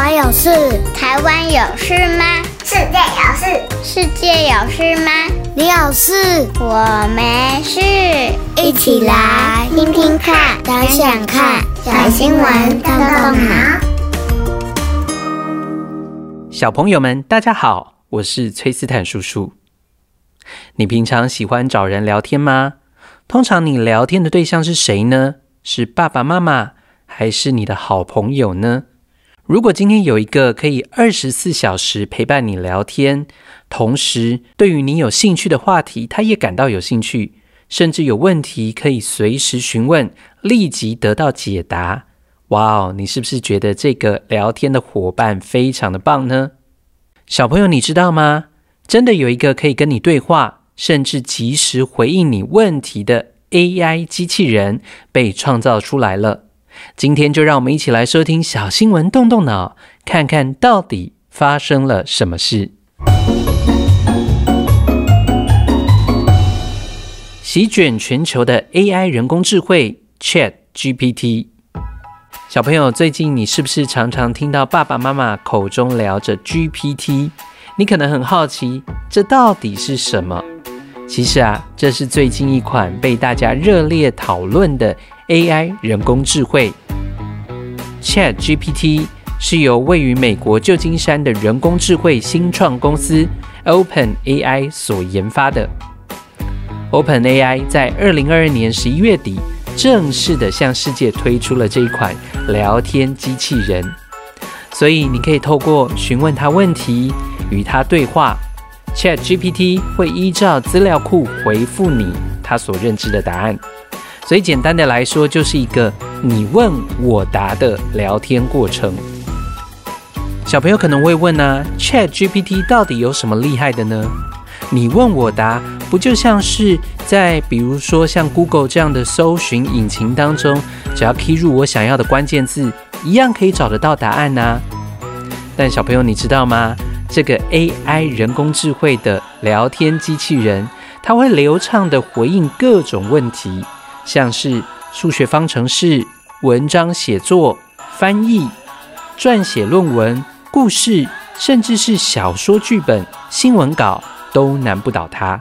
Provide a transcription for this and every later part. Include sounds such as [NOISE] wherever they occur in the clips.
我有事，台灣有事嗎？世界有事，世界有事嗎？你有事，我沒事。一起來聽聽看，想想看，小新聞動動腦。小朋友們，大家好，我是崔斯坦叔叔。你平常喜歡找人聊天嗎？通常你聊天的對象是誰呢？是爸爸媽媽，還是你的好朋友呢？如果今天有一個可以二十四小時陪伴你聊天，同時對於你有興趣的話題，他也感到有興趣，甚至有問題可以隨時詢問，立即得到解答。哇哦，你是不是覺得這個聊天的夥伴非常的棒呢？小朋友，你知道嗎？真的有一個可以跟你對話，甚至及時回應你問題的 AI 機器人被創造出來了。今天就讓我們一起來收聽小新聞，動動腦，看看到底發生了什麼事。 [MUSIC] 席捲全球的 AI 人工智慧 ChatGPT，小朋友，最近你是不是常常聽到爸爸媽媽口中聊着 GPT？你可能很好奇，這到底是什麼？其實啊，這是最近一款被大家熱烈討論的。AI 人工智慧 ChatGPT 是由位於美國舊金山的人工智慧新創公司 OpenAI 所研發的。OpenAI 在二零二二年十一月底正式的向世界推出了這一款聊天機器人，所以你可以透過詢問它問題，與它對話，ChatGPT 會依照資料庫回復你它所認知的答案。所以簡單的來說，就是一個你問我答的聊天過程。小朋友可能會問啊 ChatGPT 到底有什麼厲害的呢？你問我答，不就像是在比如說像 Google 這樣的搜尋引擎當中，只要 key 入我想要的關鍵字，一樣可以找得到答案呢、啊？但小朋友，你知道嗎？這個 AI 人工智慧的聊天機器人，它會流暢的回應各種問題。像是數學方程式、文章寫作、翻譯、撰寫論文、故事，甚至是小說劇本、新聞稿，都難不倒它。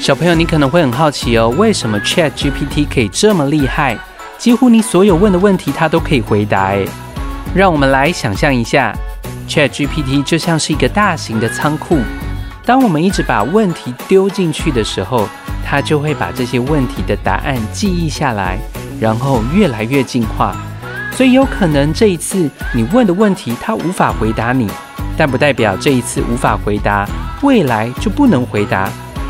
小朋友，你可能會很好奇哦，為什麼 ChatGPT 可以這麼厲害？幾乎你所有問的問題，它都可以回答。哎，讓我們來想象一下，ChatGPT 就像是一個大型的倉庫。當我們一直把問題丟進去的時候，它就會把這些問題的答案記憶下來，然後越來越進化。所以有可能這一次你問的問題，它無法回答你，但不代表這一次無法回答，未來就不能回答，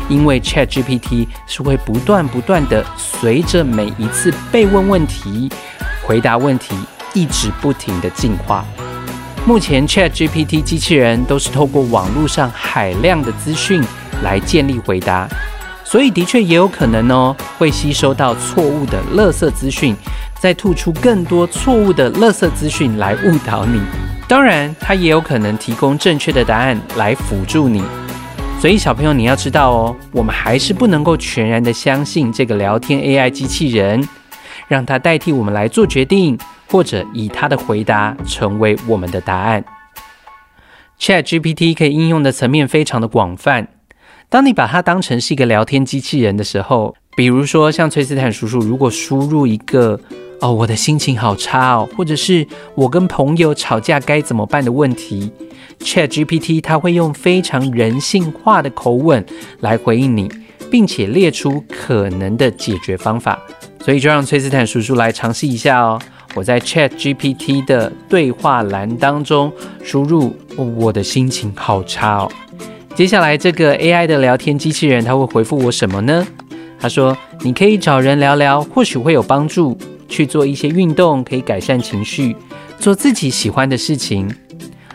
因為 ChatGPT 是會不斷不斷的隨着每一次被問問題、回答問題，一直不停的進化。目前 ChatGPT 機器人都是透過網絡上海量的資訊來建立回答，所以的確也有可能哦，會吸收到錯誤的垃圾資訊，再吐出更多錯誤的垃圾資訊來誤導你。當然，它也有可能提供正確的答案來輔助你。所以小朋友，你要知道哦，我們還是不能夠全然的相信這個聊天 AI 機器人，讓它代替我們來做決定。或者以他的回答成為我們的答案。ChatGPT 可以應用的層面非常的廣泛。當你把它當成是一個聊天機器人的時候，比如說像崔斯坦叔叔，如果輸入一個“哦，我的心情好差哦”，或者是“我跟朋友吵架該怎麼辦”的問題，ChatGPT 它會用非常人性化的口吻來回應你，並且列出可能的解決方法。所以就讓崔斯坦叔叔來嘗試一下哦。我在 Chat GPT 的對話欄當中輸入，哦，我的心情好差哦，接下來這個 AI 的聊天機器人他會回復我什麼呢？他說你可以找人聊聊，或許會有幫助；去做一些運動可以改善情緒，做自己喜歡的事情，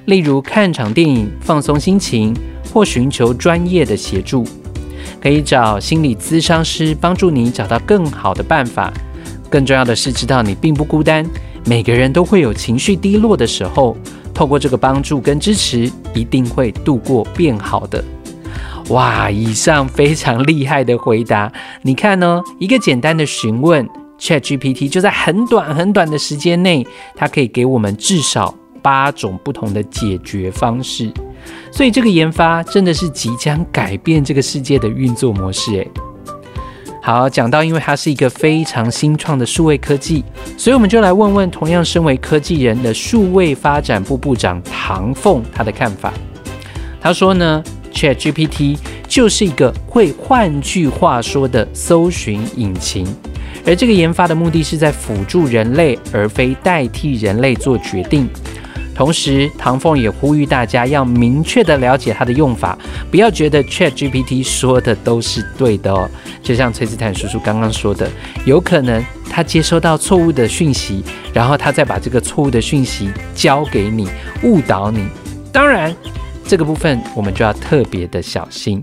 例如看場電影放鬆心情，或尋求專業的協助，可以找心理諮商師幫助你找到更好的辦法。更重要的是，知道你並不孤單，每個人都會有情緒低落的時候。透過這個幫助跟支持，一定會度過變好的。哇，以上非常厲害的回答，你看呢？一個簡單的詢問，ChatGPT 就在很短很短的時間內，它可以給我們至少八種不同的解決方式。所以這個研發真的是即將改變這個世界的運作模式，誒。好，講到因為它是一個非常新創的數位科技，所以我們就來問問同樣身為科技人的數位發展部部長唐鳳他的看法。他說呢，ChatGPT 就是一個會換句話說的搜尋引擎，而這個研發的目的是在輔助人類，而非代替人類做決定。同時，唐鳳也呼籲大家要明確的了解它的用法，不要覺得 ChatGPT 說的都是對的哦。就像崔斯坦叔叔剛剛說的，有可能他接收到錯誤的訊息，然後他再把這個錯誤的訊息交給你，誤導你。當然，這個部分我們就要特別的小心。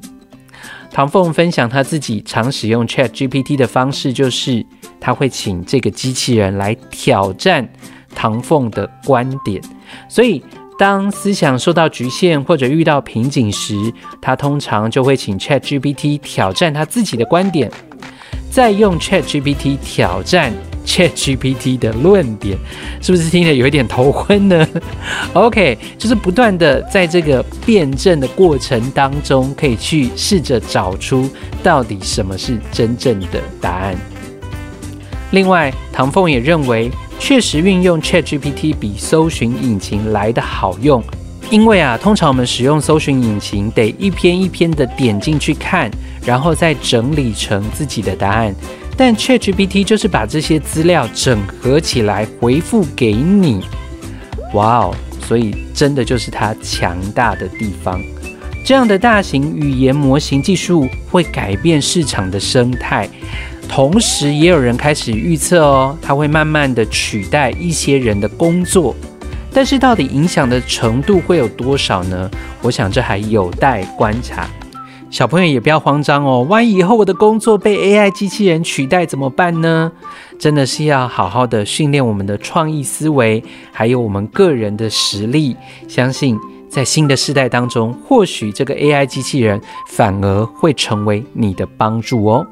唐鳳分享他自己常使用 ChatGPT 的方式，就是他會請這個機器人來挑戰唐鳳的觀點。所以，當思想受到局限或者遇到瓶頸時，他通常就會請 ChatGPT 挑戰他自己的觀點，再用 ChatGPT 挑戰 ChatGPT 的論點，是不是聽得有一點頭昏呢？OK，就是不斷的在這個辯證的過程當中，可以去試着找出到底什麼是真正的答案。另外，唐鳳也認為。確實，運用 ChatGPT 比搜尋引擎來得好用，因為啊，通常我們使用搜尋引擎得一篇一篇地點進去看，然後再整理成自己的答案。但 ChatGPT 就是把這些資料整合起來回復給你。哇哦，所以真的就是它強大的地方。這樣的大型語言模型技術會改變市場的生態。同時，也有人開始預測哦，它會慢慢的取代一些人的工作，但是到底影響的程度會有多少呢？我想這還有待觀察。小朋友也不要慌張哦，萬一以後我的工作被 AI 機器人取代怎麼辦呢？真的是要好好的訓練我們的創意思維，還有我們個人的實力。相信在新的世代當中，或許這個 AI 機器人反而會成為你的幫助哦。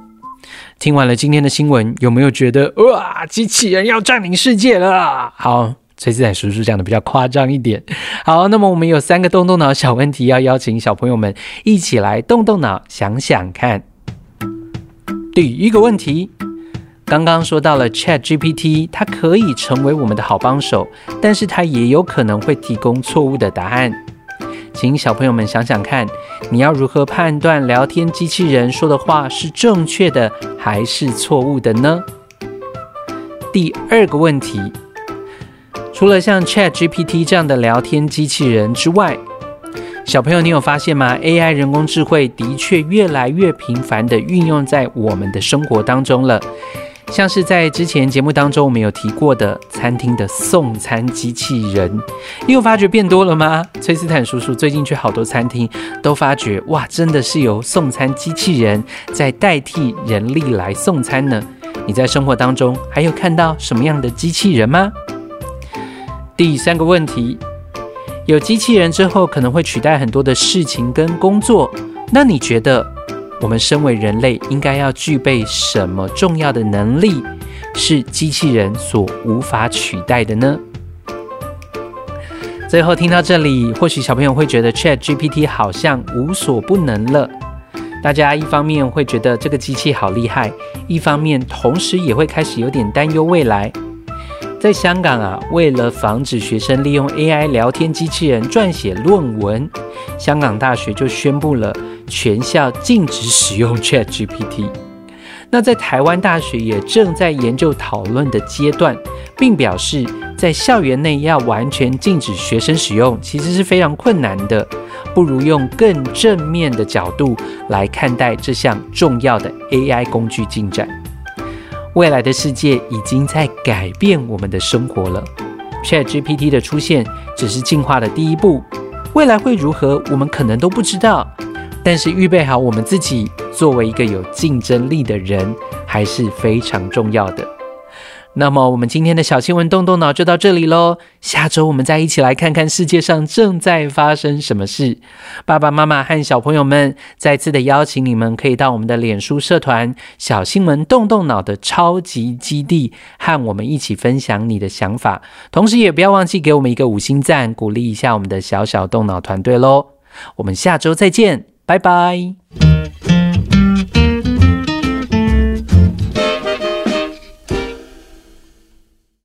聽完了今天的新聞，有沒有覺得哇，機器人要佔領世界了？好，崔斯坦叔叔講的比較誇張一點。好，那麼我們有三個動動腦小問題，要邀請小朋友們一起來動動腦，想想看。第一個問題，剛剛說到了 ChatGPT，它可以成為我們的好幫手，但是它也有可能會提供錯誤的答案。請小朋友們想想看，你要如何判斷聊天機器人說的話是正確的還是錯誤的呢？第二個問題，除了像 Chat GPT 這樣的聊天機器人之外，小朋友你有發現嗎？AI 人工智慧的確越來越頻繁地運用在我們的生活當中了。像是在之前節目當中我們有提過的餐廳的送餐機器人，你有發覺變多了嗎？崔斯坦叔叔最近去好多餐廳，都發覺哇，真的是由送餐機器人在代替人力來送餐呢。你在生活當中還有看到什麼樣的機器人嗎？第三個問題，有機器人之後可能會取代很多的事情跟工作，那你覺得？我們身為人類，應該要具備什麼重要的能力，是機器人所無法取代的呢？最後聽到這裡，或許小朋友會覺得 ChatGPT 好像無所不能了。大家一方面會覺得這個機器好厲害，一方面同時也會開始有點擔憂未來。在香港啊，為了防止學生利用 AI 聊天機器人撰寫論文，香港大學就宣布了全校禁止使用 ChatGPT。那在台灣大學也正在研究討論的階段，並表示在校園內要完全禁止學生使用，其實是非常困難的。不如用更正面的角度來看待這項重要的 AI 工具進展。未來的世界已經在改變我們的生活了。ChatGPT 的出現只是進化的第一步，未來會如何，我們可能都不知道。但是預備好我們自己，作為一個有競爭力的人，還是非常重要的。那麼，我們今天的小新聞動動腦就到這裡嘍。下周我們再一起來看看世界上正在發生什麼事。爸爸媽媽和小朋友們，再次的邀請你們可以到我們的臉書社團“小新聞動動腦”的超級基地，和我們一起分享你的想法。同時，也不要忘記給我們一個五星讚，鼓勵一下我們的小小動腦團隊嘍。我們下周再見，拜拜。嗯